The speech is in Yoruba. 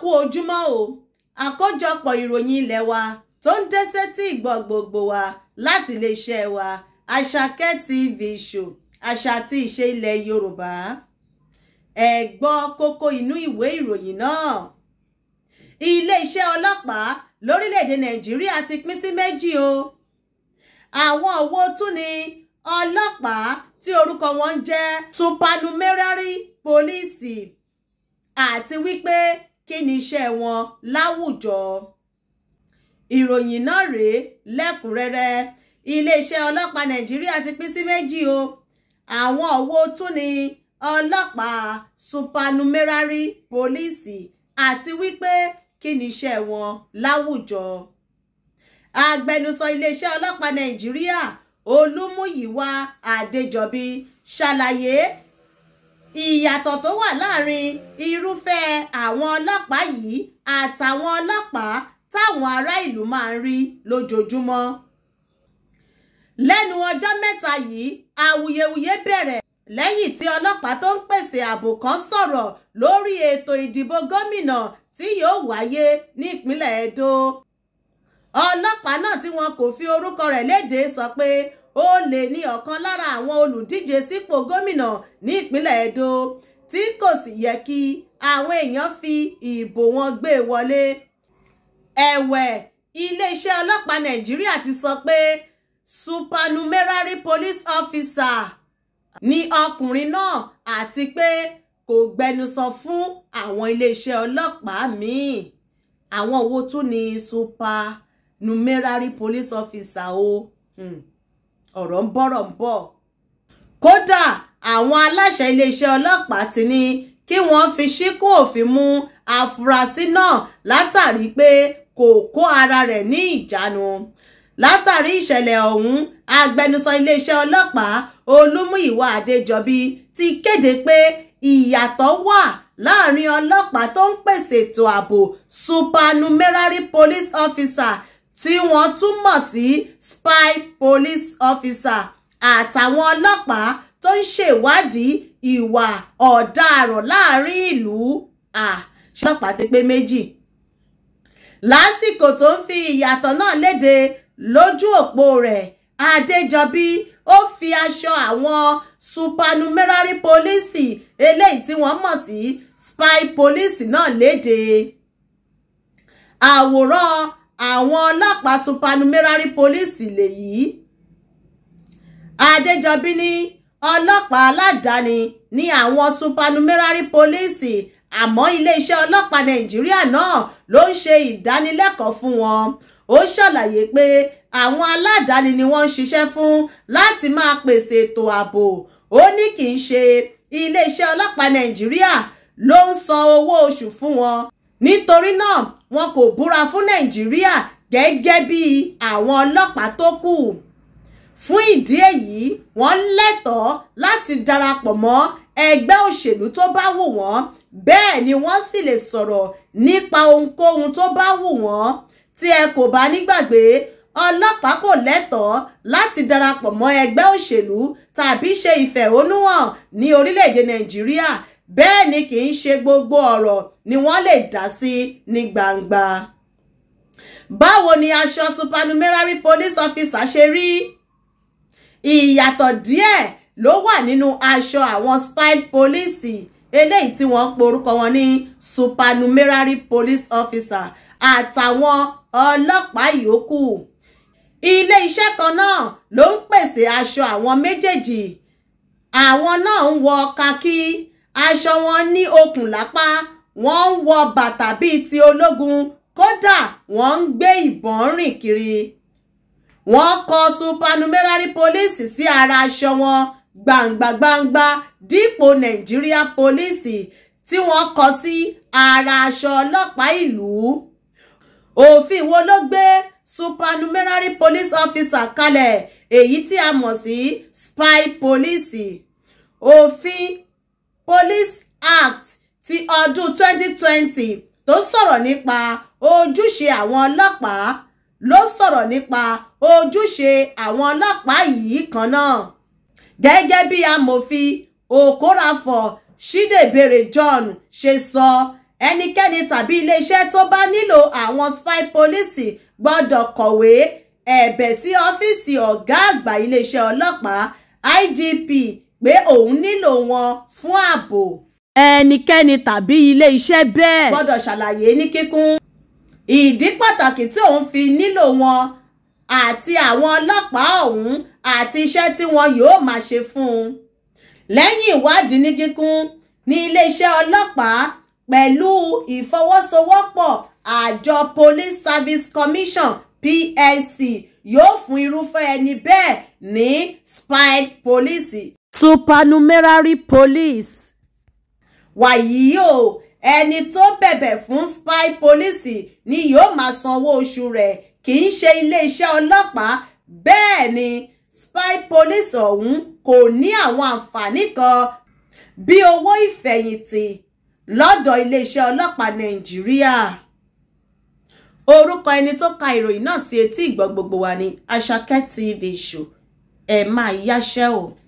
kú ojúmọ́ o àkójọpọ̀ ìròyìn ilẹ̀ wa tó ń dé sétí ìgbọ́ gbogbo wa láti iléeṣẹ́ wa àṣàkẹ́ tv show àṣà àti ìṣe ilẹ̀ yorùbá ẹ gbọ́ kókó inú ìwé ìròyìn náà iléeṣẹ́ ọlọ́pàá lórílẹ̀‐èdè nàìjíríà ti pín sí méjì o àwọn òwò tún ni ọlọ́pàá tí orúkọ wọn jẹ́ supernumerary police àti wípé kí ni iṣẹ́ wọn láwùjọ. ìròyìn náà rèé lẹ́kùnrẹ́rẹ́ iléeṣẹ́ ọlọ́pàá nàìjíríà ti pín sí méjì o àwọn wo tún ni ọlọ́pàá supernumerary pólíìsì àti wípé kí ni iṣẹ́ wọn láwùjọ. agbẹnusọ iléeṣẹ́ ọlọ́pàá nàìjíríà olúmúyìwá adéjọbí ṣàlàyé ìyàtọ̀ tó wà láàrin irúfẹ́ àwọn ọlọ́pàá yìí àtàwọn ọlọ́pàá táwọn ará ìlú máa ń rí lójoojúmọ́ lẹ́nu ọjọ́ mẹ́ta yìí awuyewuye bẹ̀rẹ̀ lẹ́yìn tí ọlọ́pàá tó ń pèsè ààbò kan sọ̀rọ̀ lórí ètò ìdìbò gómìnà tí yóò wáyé ní Edo ọlọ́pàá náà tí wọn kò fi orúkọ rẹ̀ léde sọ pé olè ní ọ̀kan lára àwọn olùdíje sípò gómìnà ní ìpínlẹ̀ Edo tí kò sì yẹ kí àwọn èèyàn fi ìbò wọn gbé wọlé ẹ̀wẹ̀ iléeṣẹ́ ọlọ́pàá Nàìjíríà ti sọ pé supernumerary police officer ni ọkùnrin náà àti pé kò gbẹnusọ fún àwọn iléeṣẹ́ ọlọ́pàá míì àwọn owó tún ni supernumerary police officer o. Hmm ọ̀rọ̀ ń bọ̀rọ̀ ń bọ̀ kódà àwọn aláṣẹ iléeṣẹ́ ọlọ́pàá ti ní kí wọ́n fi ṣíkún òfin mú afurasí náà látàrí pé kò kó ara rẹ̀ ní ìjánu látàrí ìṣẹ̀lẹ̀ ọ̀hún agbẹnusọ iléeṣẹ́ ọlọ́pàá olúmúyìwá adéjọbí ti kéde pé ìyàtọ̀ wà láàrin ọlọ́pàá tó ń pèsè ètò ààbò supernumerary police officer tí wọ́n tún mọ̀ sí spy police officer àtàwọn ọlọ́pàá tó ń ṣèwádìí ìwà ọ̀daràn láàrin ìlú ṣọlọ́pàá ti pé méjì lásìkò tó ń fi ìyàtọ̀ náà léde lójú òpó rẹ̀ adéjọbí ó fi aṣọ àwọn supernumerary police eléyìí tí wọ́n mọ̀ sí spy police náà léde àwòrán àwọn ọlọ́pàá supernumerary police lèyí adéjọbí ní ọlọ́pàá aládàáni ní àwọn supernumerary police àmọ́ iléeṣẹ́ ọlọ́pàá nàìjíríà náà ló ń ṣe ìdánilẹ́kọ̀ọ́ fún wọn ó ṣàlàyé pé àwọn aládàáni ni wọ́n ń ṣiṣẹ́ fún láti máa pèsè ètò ààbò ó ní kì í ṣe iléeṣẹ́ ọlọ́pàá nàìjíríà ló ń san owó oṣù fún wọn nítorí náà wọn kò búra fún nàìjíríà gẹ́gẹ́ bí àwọn ọlọ́pàá tó kù fún ìdí èyí wọ́n lẹ́tọ̀ọ́ láti darapọ̀ mọ́ ẹgbẹ́ òṣèlú tó bá wù wọ́n bẹ́ẹ̀ ni wọ́n sì lè sọ̀rọ̀ nípa ohunkóhun tó bá wù wọ́n tí ẹ kò bá nígbàgbé ọlọ́pàá kò lẹ́tọ̀ọ́ láti darapọ̀ mọ́ ẹgbẹ́ òṣèlú tàbí ṣe ìfẹ̀hónúhàn ní orílẹ̀-èdè nàìjíríà bẹ́ẹ̀ ni kì í ṣe gbogbo ọ̀rọ̀ ni wọ́n lè dá sí ní gbangba. báwo ni aṣọ supernumerary police officer ṣe rí? ìyàtọ̀ díẹ̀ ló wà nínú aṣọ àwọn style polisi eléyìí tí wọ́n porúkọ wọn ní supernumerary police officer àtàwọn ọlọ́pàá yòókù ilé-iṣẹ́ kan náà ló ń pèsè aṣọ àwọn méjèèjì àwọn náà ń wọ kakí aṣọ wọn ní okùn lápá wọ́n ń wọ bàtà bíi ti ológun kódà wọ́n ń gbé ìbọn rìn kiri wọ́n kọ supernumerary police sí ara aṣọ wọn gbangba dípò Nigeria police tí wọ́n kọ sí ara aṣọ ọlọ́pàá ìlú òfin wo ló gbé supernumerary police officer kalẹ̀ èyí tí a mọ̀ sí spy police òfin Police Act ti ọdún 2020 tó sọ̀rọ̀ nípa ojúṣe àwọn ọlọ́pàá ló sọ̀rọ̀ nípa ojúṣe àwọn ọlọ́pàá yìí kan náà gẹ́gẹ́ bí amòfin Okorafor Ṣídèbèrè John ṣe sọ ẹnikẹ́ni tàbí iléeṣẹ́ tó bá nílò àwọn spy police gbọ́dọ̀ kọ̀wé ẹ̀bẹ̀ sí ọ́fíìsì ọ̀gá àgbà iléeṣẹ́ ọlọ́pàá IDP pé òun nílò wọn fún ààbò. ẹnikẹ́ni tàbí ilé-iṣẹ́ bẹ́ẹ̀. gbọ́dọ̀ ṣàlàyé ní kíkún. ìdí pàtàkì tí òun fi nílò wọn àti àwọn ọlọ́pàá ọ̀hún àti iṣẹ́ tí wọn yóò máa ṣe fún un. lẹ́yìn ìwádìí ní kíkún ní iléeṣẹ́ ọlọ́pàá pẹ̀lú ìfọwọ́sowọ́pọ̀ àjọ Police Service Commission PSC yóò fún irúfẹ́ ẹni bẹ́ẹ̀ ní spy police supernumerary police. wàyí o ẹni tó bẹ̀bẹ̀ fún spy police ni yóò máa sanwó oṣù rẹ̀ kì í ṣe iléeṣẹ́ ọlọ́pàá bẹ́ẹ̀ ni spy police ọ̀hún kò ní àwọn àǹfààní kan bí owó ìfẹ̀yìntì lọ́dọ̀ iléeṣẹ́ ọlọ́pàá nàìjíríà orúkọ ẹni tó ka ìròyìn náà sí etí ìgbọ́ gbogbo wa ní Àṣàkẹ́ TV show ẹ̀ máa yáṣẹ́ o.